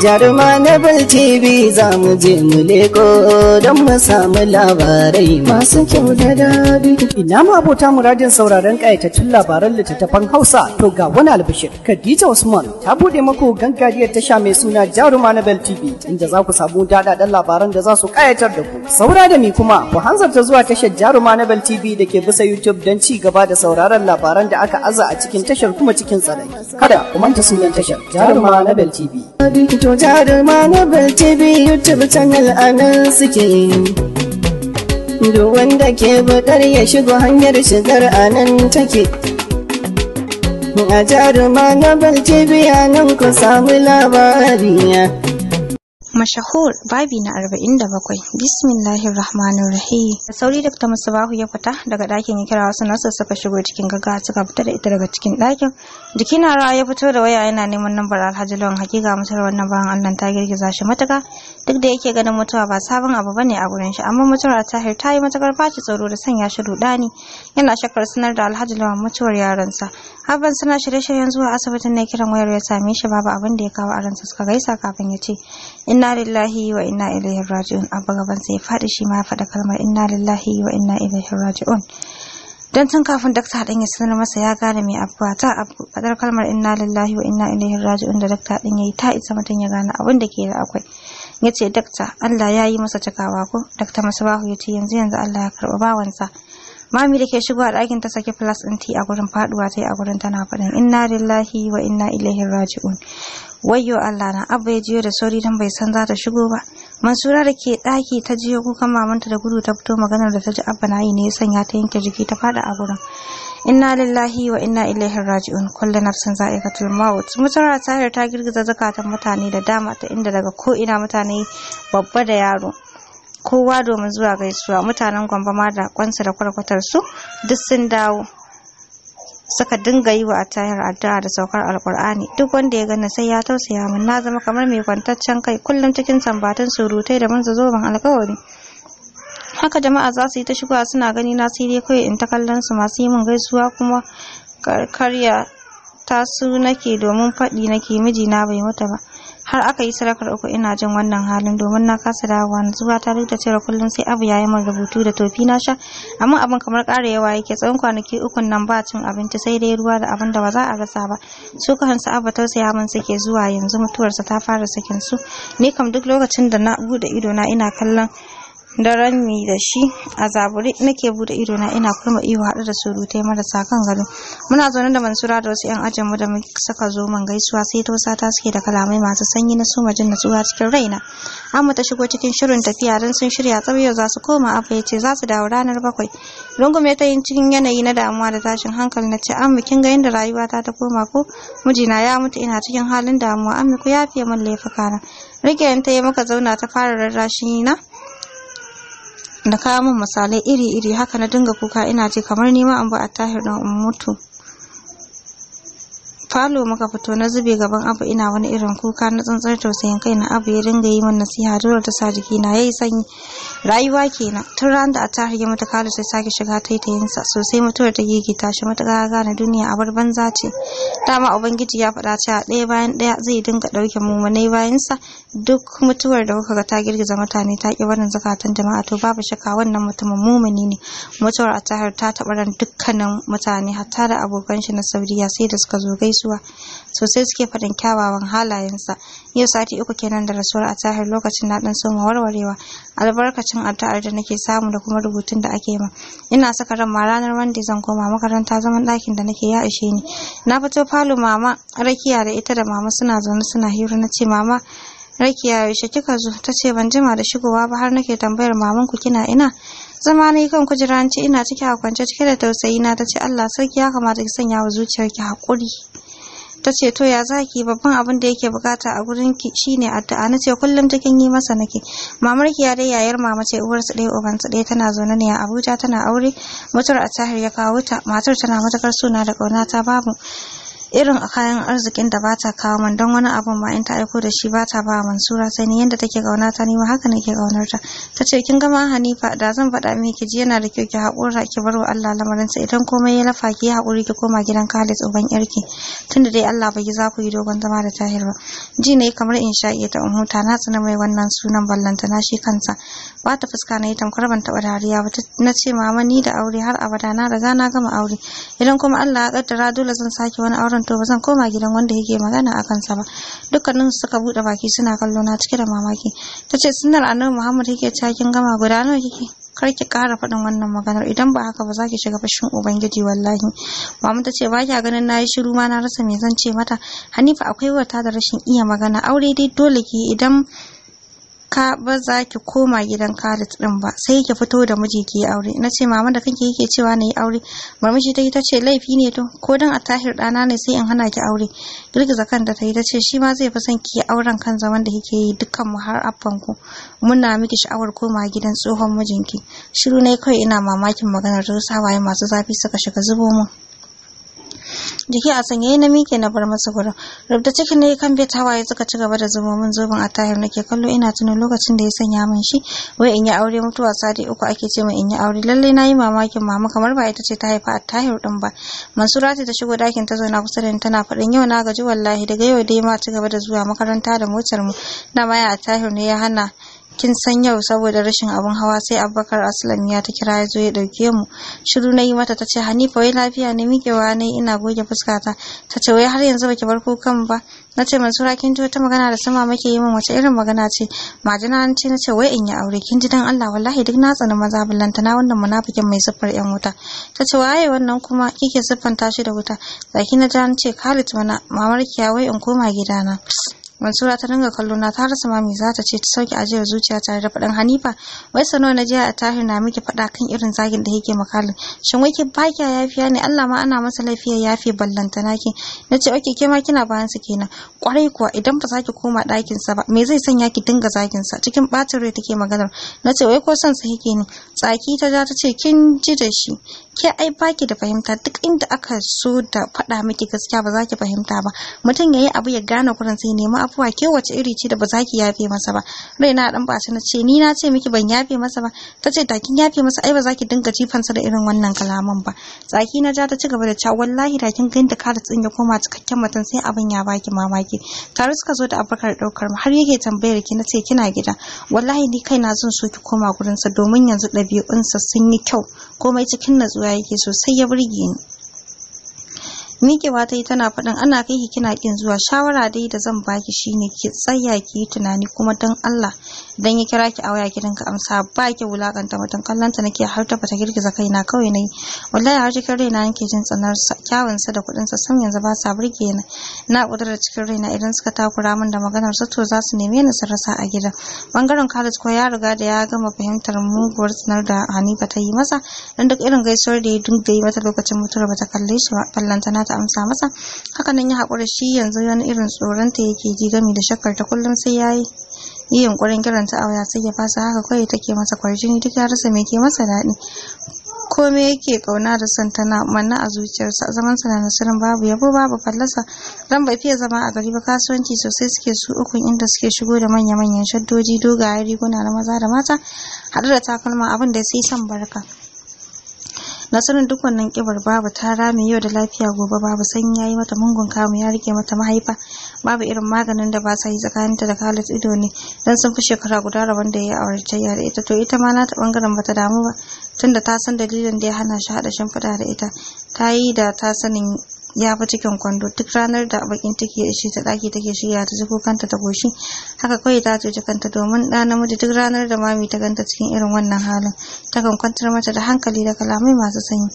Jaruma na TV za mu je mu leko don mu samu labarai masu kyau da daɗi. Ina ma abota muradin sauraron ƙayatattun labaran littattafan Hausa to ga wani albishir. Khadija Usman ta buɗe maku gangariyar tasha mai suna Jaruma na TV inda za ku samu daɗaɗɗen labaran da za su ƙayatar da ku. Saura da ni kuma ku hanzarta zuwa tashar Jaruma na TV da ke bisa YouTube don ci gaba da sauraron labaran da aka aza a cikin tashar kuma cikin tsaron. Kada ku manta sunan tashar Jaruma na TV. to jaruma na barci biyu tv channel a suke duk wanda ke bukar ya shigo hanyar shigar a nan take a jaruma na barci biya nan ku samu labariya Mashahur babi na arba'in da 47 Bismillahir rahmanin Rahim Da sauri Dr. Musabahu ya fita daga dakin ya kira wasu nasu suka shigo cikin gaggawa suka fita da ita daga cikin ɗakin jiki na rawa ya fito da waya yana neman lambar Alhaji Lawan hakika mutar wannan bayan Allah ta girgiza shi matuka duk da yake ganin mutuwa ba sabon abu bane a gurin shi amma mutuwar Tahir ta yi matakar faci tsoro da sanya shi rudani yana shakar sanar da Alhaji Lawan mutuwar yaransa Haban suna shirye-shiryen zuwa asibitin ne kiran wayar ya same shi babu abin da ya kawo a ransa suka gaisa kafin ya ce inna lillahi wa inna ilaihi raji'un abu gaban sai faɗi shi ma ya faɗa kalmar inna lillahi wa inna ilaihi raji'un dan tun kafin dakta din ya sanar masa ya gane mai abuwa ta abu fadar kalmar inna lillahi wa inna ilaihi raji'un da dakta din yayi ta isa mutum ya gane abin da ke da akwai yace dakta Allah ya yi masa takawa ko dakta masabahu yace yanzu yanzu Allah ya karba bawansa Mami da ke shigo a ɗakin ta saki flas ɗin ti a gurin faduwa ta yi a gurin tana faɗin inna lillahi wa inna ilaihi raji'un. Wayyo Allah na Abba ya jiyo da sauri don bai san za ta shigo ba. Mansura da ke ɗaki ta jiyo kukan mamanta da gudu ta fito maganar da ta ji Abba na yi ne ya sanya ta yanke jiki ta faɗa a gurin. inna lillahi wa inna ilaihi raji'un kullu nafsin za'iqatul maut mutara tahir ta girgiza zakatan mutane da dama ta inda daga ko ina mutane babba da yaro kowa domin zuwa gaisuwa mutanen gwamba ma da kwansa da kwarkwatar su duk sun dawo suka dinga yi wa tayar addu'a da saukar alkur'ani duk wanda ya gani sai ya tausaya min na zama kamar mai kwantaccen kai kullum cikin tambatun surutai da manzo zoben alkawari haka jama'a za su yi ta shigowa suna gani na sai dai kawai in ta kallon su masu yi min gaisuwa kuma karya ta su nake domin faɗi nake mijina bai mata ba har aka yi sadakar uku ina jin wannan halin domin na kasa dawowa zuwa ta duk da cewa kullum sai abu ya yi min rubutu da tofi na sha amma abin kamar ƙara yawa yake tsawon kwanaki ukun nan ba cin abinci sai dai ruwa da abin da ba za a rasa ba su kan su abu tausaya min suke zuwa yanzu mutuwarsa ta fara sakin su ni kam duk lokacin da na bude ido na ina kallon daren da shi a zaburi nake bude ido na ina kurma ihu hadu da surutai marasa kan gado muna zaune da mansura da wasu 'yan ajinmu da suka zo man gaisuwa sai ta ta suke da kalamai masu sanyi na soma jin natsuwa cikin raina amma ta shigo cikin shirin tafiya dan sun shirya tsabiyo za su koma abu ya za su dawo ranar bakwai rungume ta yin cikin yanayi na damuwa da tashin hankali na ce amma kin ga yadda rayuwa ta ta koma ko mijina ya mutu ina cikin halin damuwa amma ku yafe min laifukana rike ta yi muka zauna ta fara rarrashi na da kawo min misalai iri-iri haka na dinga kuka ina ji kamar nima an ba a tahir ɗin in mutu falo muka fito na zube gaban abu ina wani irin kuka na tsantsar tausayin kai na abu ya dinga yi min nasiha dole ta sa jiki na yayi sanyi rayuwa kenan tun ran da a tarihi mata kalu sai sake shiga taitayinsa sosai mutuwar ta gigita shi gane duniya a bar banza ce dama ubangiji ya faɗa cewa daya bayan daya zai dinga ɗauke mummunai sa duk mutuwar da kuka ga ta girgiza mutane ta ƙi barin zakatan jama'a to babu shakka wannan mutumin mumuni ne mutuwar a tahar ta taɓa ran dukkanin mutane hatta da abokan shi na saudiya sai da suka zo gaisu zuwa sosai suke faɗin kyawawan halayensa yau sati uku kenan da rasuwar a tahir lokacin na ɗan soma warwarewa albarkacin addu'ar da nake samu da kuma rubutun da ake ma. ina saka ran ma ranar wanda zan koma makaranta zaman ɗakin da nake ya ishe ni na fito falo mama rakiya da ita da mama suna zaune suna hira na ce mama rakiya yaushe kika zo ta ce ban jima da shigowa ba har nake tambayar maman ku kina ina zama na kan kujera ina ciki a kwance cike da tausayi na ta ce Allah sarki ya kamata ki sanya wa zuciyarki haƙuri ta ce to ya zaki babban abin da yake bukata a gurin ki shine addu'a na ce kullum cikin yi masa nake mamar ki ya dai yayar mama ce uwar su ɗaya uban su ɗaya tana zaune ne a Abuja tana aure mutar a tahir ya kawo ta matar tana matakar suna da kauna ta babu irin kayan arzikin da bata kawo man don wani abun ma in ta aiko da shi bata ba Mansura sai ni yanda take gauna ta ni ma haka nake gaunar ta tace kin gama a Hanifa da zan faɗa miki ji yana da kyau ki haƙura ki bar wa Allah lamarin sa idan komai ya lafa ki haƙuri ki koma gidan Khalid uban yarki tunda dai Allah ba ki za ku yi dogon zama da Tahir ba ji ne kamar in sha ta in huta na tsana mai wannan sunan ballanta na shi kansa ba ta fuska na yi tamkar ban taɓa dariya ba na ce mama ni da aure har abada na riga na gama aure idan kuma Allah ya kaddara dole zan sake wani auren to ba zan koma gidan wanda yake magana a kansa ba dukkanin su suka bude baki suna kallo na cike da mamaki tace sunnar annabi Muhammad yake cakin gama guda nawa kike kar ki kara faɗin wannan maganar idan ba haka ba za ki shiga fashin ubangiji wallahi mama ta ce ba kya ganin nayi shiru ma na rasa me zan ce mata hanifa akwai wata da rashin iya magana aure dai dole ki idan ka ba za ki koma gidan Khalid din ba sai ki fito da miji ki yi aure na ce mama da kanki yake cewa na yi aure murmushi ta yi ta ce laifi ne to ko dan a tahir ɗana ne sai in hana ki aure girgiza kan da ta yi ta ce shi ma zai fi son ki auren kan zaman da kike yi dukkan mu har abban ku muna miki sha'awar koma gidan tsohon mijinki shiru ne kawai ina mamakin maganar sai waye masu zafi suka shiga zubo mun jiki a sanye na mike na bar masa gurin rubda cikin ne kan bai hawaye suka ci gaba da min zobin a tayar nake kallo ina tunan lokacin da ya sanya min shi wai in yi aure mutuwa sadi uku ake ce min in yi aure lalle na yi mamakin mama kamar ba ita ce ta haifa a Tahir din ba mansurati ta shigo dakin ta zauna kusa da ni tana faɗin yau na gaji wallahi daga yau dai ma ci gaba da zuwa makaranta da motar mu dama maya a Tahir ne ya hana kin san yau saboda rashin abun hawa sai abubakar aslan ya ta kira ya zo ya dauke mu shiru na yi mata ta ce hanifa wai lafiya ne miƙewa ne ina goge fuskata ta ce wai har yanzu baki bar kukan ba na ce mansura kin ji wata magana da sama muke yi min wace irin magana ce majina an ce na ce wai in yi aure kin ji dan Allah wallahi duk na tsani maza ballanta na wannan munafikin mai siffar yan wuta ta ce waye wannan kuma kike siffanta shi da wuta zaki na ji an ce Khalid mana mamarkiya wai in koma gidana Mansura ta dinga kallo na ta rasa mami za ta ce ta sauke ajiyar zuciya tare da faɗin Hanifa wai sano na jiya a tahir na miki faɗa kan irin zagin da yake makalin shin wai ki baki yafiya ne Allah ma ana masa lafiya yafi ballanta naki nace oke ke ma kina bayan su kenan kwarai kuwa idan ba za koma ɗakin sa ba me zai sanya ki dinga zagin sa cikin ɓacin rai take maganar nace wai ko son sa yake ne tsaki ta ja ta ce kin ji da shi ke ai baki da fahimta duk inda aka so da faɗa miki gaskiya ba za ki fahimta ba mutum ya yi abu ya gane kuran sai nemi afuwa ke wace iri ce da ba za ki yafe masa ba rai na dan ba na ce ni na ce miki ban yafe masa ba ta ce da kin yafe masa ai ba za ki dinga jifansa da irin wannan kalaman ba tsaki na ja ta ci gaba da cewa wallahi da kin ganin da tsin ya koma cikakken mutum sai abin ya baki mamaki tare suka zo da abubakar daukar mu har yake tambayar ki na ce kina gida wallahi ni kaina zan so ki koma sa domin yanzu ɗabi'unsa sun yi kyau komai cikin natsuwa soyuwa yake so sai ya burge ni mikewa ta yi tana faɗin ana kai ki kina ƙin zuwa shawara dai da zan baki shine ki tsaya ki yi tunani kuma don Allah dan ya kira ki a waya gidan ka amsa ba ki wulakanta mutum kallanta nake har ta fata girgiza kaina kawai nayi wallahi har cikin raina nake jin tsanar kyawun sa da kuɗin sa sam yanzu ba sa burge ni na kudura cikin raina idan suka takura min da maganar su to za su neme ni su rasa a gida bangaren College ko ya riga da ya gama fahimtar muguwar tsanar da Hanifa ta yi masa dan duk irin gaisuwar da ya dinga yi mata lokacin mutuwar bata kalle shi ba kallanta na ta amsa masa hakanan ya haƙura shi yanzu wani irin tsoron ta yake ji gami da shakkar ta kullum sai yayi yi yunkurin kiranta ta auya sai ya fasa haka kawai take masa kwarjini duk ya rasa me ke masa daɗi komai yake kauna da son tana manna a zuciyarsa zaman sa na nasirin babu yabo babu fallasa dan bai fiye zama a gari ba kasuwanci sosai suke su ukun inda suke shigo da manya manyan shaddoji dogayen riguna na maza da mata haɗu da takalma abin da sai san barka nasarar duk wannan kibar babu ta rami yau da lafiya gobe babu san yayi mata mungun kamu ya rike mata mahaifa babu irin maganin da ba sa yi tsakaninta da Khalid ido ne dan sun fi shekara guda rabon da ya aure ya da ita to ita ma na ta bangaren bata damu ba tunda ta san dalilin da ya hana shi hada shimfida da ita ta yi da ta sanin ya fi cikin kwando duk ranar da bakin take ya ishe ta daki take shirya ta ji kanta ta goshi haka kawai ta ta kanta domin da namiji duk ranar da mami ta ganta cikin irin wannan halin ta kan kwantar mata da hankali da kalamai masu sanyi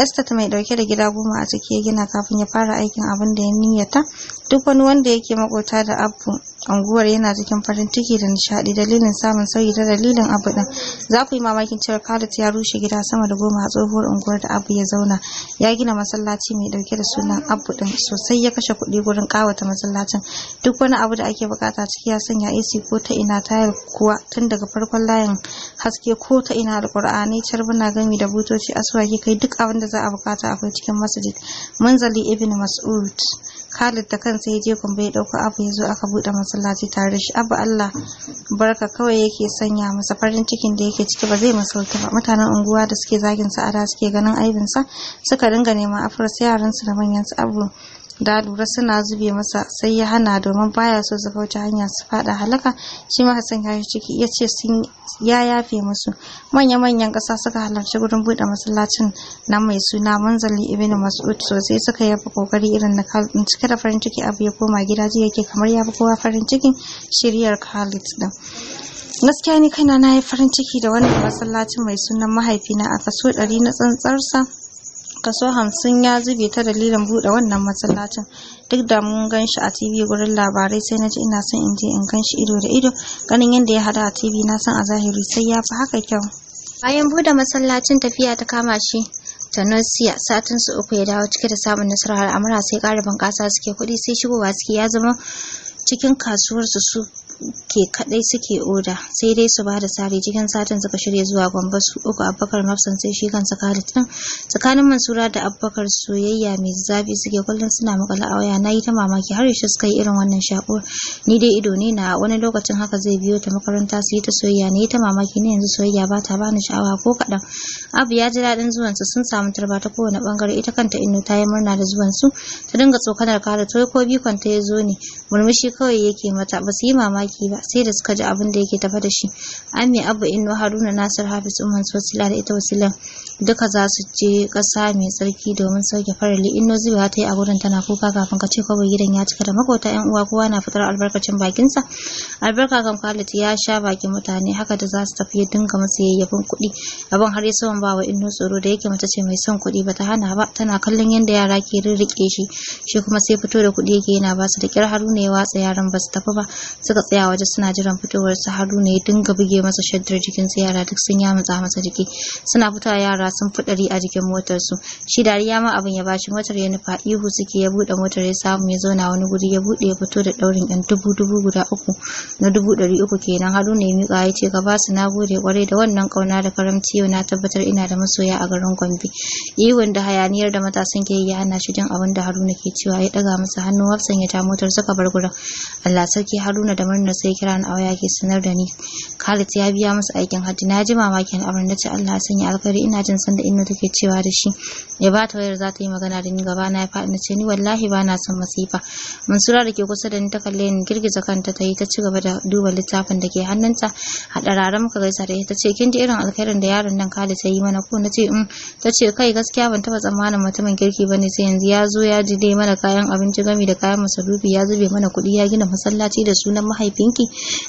estate mai dauke da gida goma a ciki ya gina kafin ya fara aikin abin da ya niyyata duk wani wanda yake makota da abu unguwar yana cikin farin ciki da nishadi dalilin samun sauyi ta dalilin abu din za ku yi mamakin cewa Khalid ya rushe gida sama da goma a tsohuwar unguwar da abu ya zauna ya gina masallaci mai dauke da su sunan abu din sosai ya kashe kuɗi gurin ƙawata masallacin duk wani abu da ake bukata ciki ya sanya AC ko ta ina tayar kuwa tun daga farkon layin haske ko ta ina alqur'ani carbuna gami da butoci aswaki kai duk abin da za a bukata akwai cikin masjid manzali ibn mas'ud Khalid da kansa ya je kumbe ya dauko abu ya zo aka bude masallaci tare da shi abu Allah barka kawai yake sanya masa farin cikin da yake ciki ba zai masauki ba mutanen unguwa da suke zagin sa ada suke ganin aibin sa suka dinga neman afirsa yaran su da manyan su abu da lura suna zube masa sai ya hana domin baya so zafa wata hanya su fada halaka shi ma Hassan ya ciki ya ce sun ya yafe musu manya-manyan ƙasa suka halarci gurin buɗe masallacin na mai suna manzali ibn mas'ud sosai suka yafi kokari irin na Khalid cike da farin ciki abu ya koma gida ji yake kamar ya fi kowa farin cikin shiryar Khalid din gaskiya ni kaina na yi farin ciki da wannan masallacin mai sunan mahaifina a kaso ɗari na tsantsarsa kaso hamsin ya zube ta dalilin buɗe wannan masallacin duk da mun gan shi a tv gurin labarai sai na ji ina son in je in gan shi ido da ido ganin yadda ya hada a tv na san a zahiri sai ya fi haka kyau bayan buɗe masallacin tafiya ta kama shi Tanosiya satin su uku ya dawo cike da samun nasarar al'amura sai ƙara bunƙasa suke kuɗi sai shigowa suke ya zama cikin kasuwar su su ke kadai suke oda sai dai su bada sari cikin satin suka shirya zuwa gombe su uku abubakar mafsan sai shi kan da tun tsakanin mansura da abubakar soyayya mai zafi suke kullum suna makala a waya na yi ta mamaki har yaushe suka yi irin wannan shako ni dai ido ne na wani lokacin haka zai biyo ta makaranta su yi ta soyayya ne ta mamaki ne yanzu soyayya ba ta bani sha'awa ko kaɗan Abu ya ji daɗin zuwansu sun samu tarba ta kowane bangare ita kanta inu ta yi murna da zuwansu ta dinga tsokanar kare toyi ko bikon ta ya zo ne murmushi kawai yake mata ba su yi mamaki ba sai da suka ji abin da yake tafa da shi. Ami Abu inu Haruna Nasir Hafiz Umar Sosila da ita Wasilan duka za su je ƙasa mai tsarki domin sauke farali Inno Zuba ta yi a gurin tana kuka kafin ka ce kawai gidan ya cika da makota yan uwa kowa na fitar albarkacin bakinsa albarka kan ya sha bakin mutane haka da za su tafi ya dinga masu yayyafin kuɗi abin har ya sama an ba wa inno tsoro da yake mace ce mai son kuɗi bata hana ba tana kallon yadda yara ke rirrike shi shi kuma sai fito da kuɗi yake yana basu da kyar haruna ya watsa yaran basu tafi ba suka tsaya waje suna jiran fitowar su haruna ya dinga buge masa shaddar jikin su yara duk sun yamutsa masa jiki suna fitowa yara sun fudari a jikin motar su shi dariya ma abin ya bashi motar ya nufa ihu suke ya buɗe motar ya samu ya zauna wani guri ya buɗe ya fito da ɗaurin yan dubu dubu guda uku na dubu ɗari uku kenan haruna ya miƙa ya ce ka su na gode kwarai da wannan ƙauna da karamci yau na tabbatar ina da masoya a garin Gombe. Iwon da hayaniyar da matasan ke ya hana shi jin abin da Haruna ke cewa ya daga masa hannu hafsan ya ta motar suka bar gurin. Allah sarki Haruna da murna sai kira na awaya ke sanar da ni. Khalid ya biya masa aikin hajji na ji mamakin abin da ce Allah ya sanya alkhairi ina jin sanda inna take cewa da shi ya ba ta wayar za ta yi magana da ni gaba na ya faɗi na ce ni wallahi ba na son masifa. Mansura da ke kusa da ni ta kalle ni girgiza kanta ta yi ta ci gaba da duba littafin da ke hannunta a ɗararen muka gaisa da ita ce kin ji irin alkhairin da yaron nan Khalid ya yi mana ko na ce in mm, ta ce kai gaskiya ban taba tsammanin mutumin kirki ba ne sai yanzu ya zo ya ji dai mana kayan abinci gami da kayan masarufi ya zube mana kuɗi ya gina masallaci da sunan mahaifinki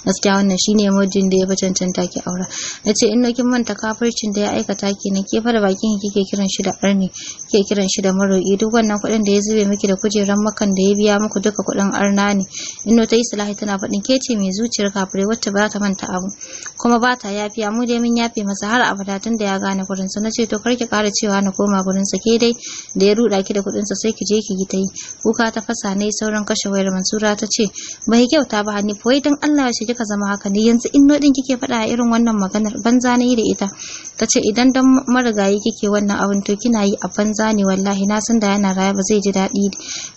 gaskiya wannan shine mujin da ya fi cancanta ki aura na ce in kin manta kafircin da ya aikata ki na ke fara bakin kike kiran shi da arni kike kiran shi da maroyi duk wannan kuɗin da ya zube miki da kujeran makan da ya biya muku duka kuɗin arna ne inno ta yi salahi tana faɗin ke ce mai zuciyar kafire wacce ba ta manta abu kuma ba ta yafiya mu dai mun yafe masa har abada tun da ya gane ni gurin sa nace to karki kara cewa na koma gurin sa ke dai da ya ruda ki da kuɗin sa sai ki je ki yi ta yi kuka ta fasa ne sauran kashe wayar Mansura ta ce bai kyauta ba fa wai dan Allah ya shi kika zama haka ne yanzu in nodin kike faɗa irin wannan maganar banza na yi da ita ta ce idan dan marigayi kike wannan abin to kina yi a banza ne wallahi na san da yana raya ba zai ji daɗi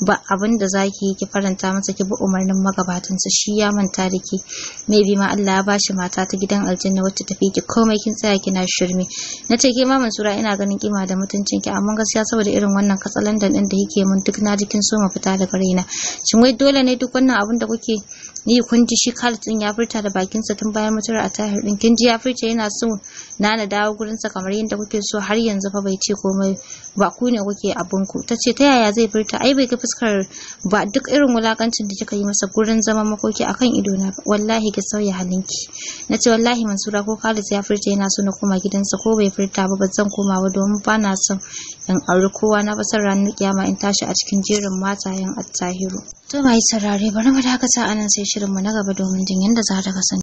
ba abin da zaki yi ki faranta masa ki bi umarnin magabatan sa shi ya manta da ke maybe ma Allah ya bashi mata ta gidan aljanna wacce tafi ki komai kin tsaya kina shirme na ce ke mamun sura ina ganin kima da mutuncin ki amma gaskiya saboda irin wannan katsalandan din da yake mun duk na jikin so mafita fita daga raina shin wai dole ne duk wannan abun da kuke ni kun ji shi Khalid din ya furta da bakin sa tun bayan mutuwar a tahir din kin ji ya furta yana so na na dawo gurin sa kamar yadda kuke so har yanzu fa bai ce komai ba ku ne kuke abun ku tace ta yaya zai furta ai bai ga fuskar ba duk irin wulakancin da kika yi masa gurin zaman makoki akan ido na wallahi ki sauya halinki nace wallahi Mansura ko Khalid ya furta yana so na koma gidansa ko bai furta ba bazan koma ba domin ba na son in aure kowa na fasar ranar kiyama in tashi a cikin jerin mata matayen attahiru to mai sarare bari mu dakata anan sai shirinmu na gaba domin jin yadda za ta kasance.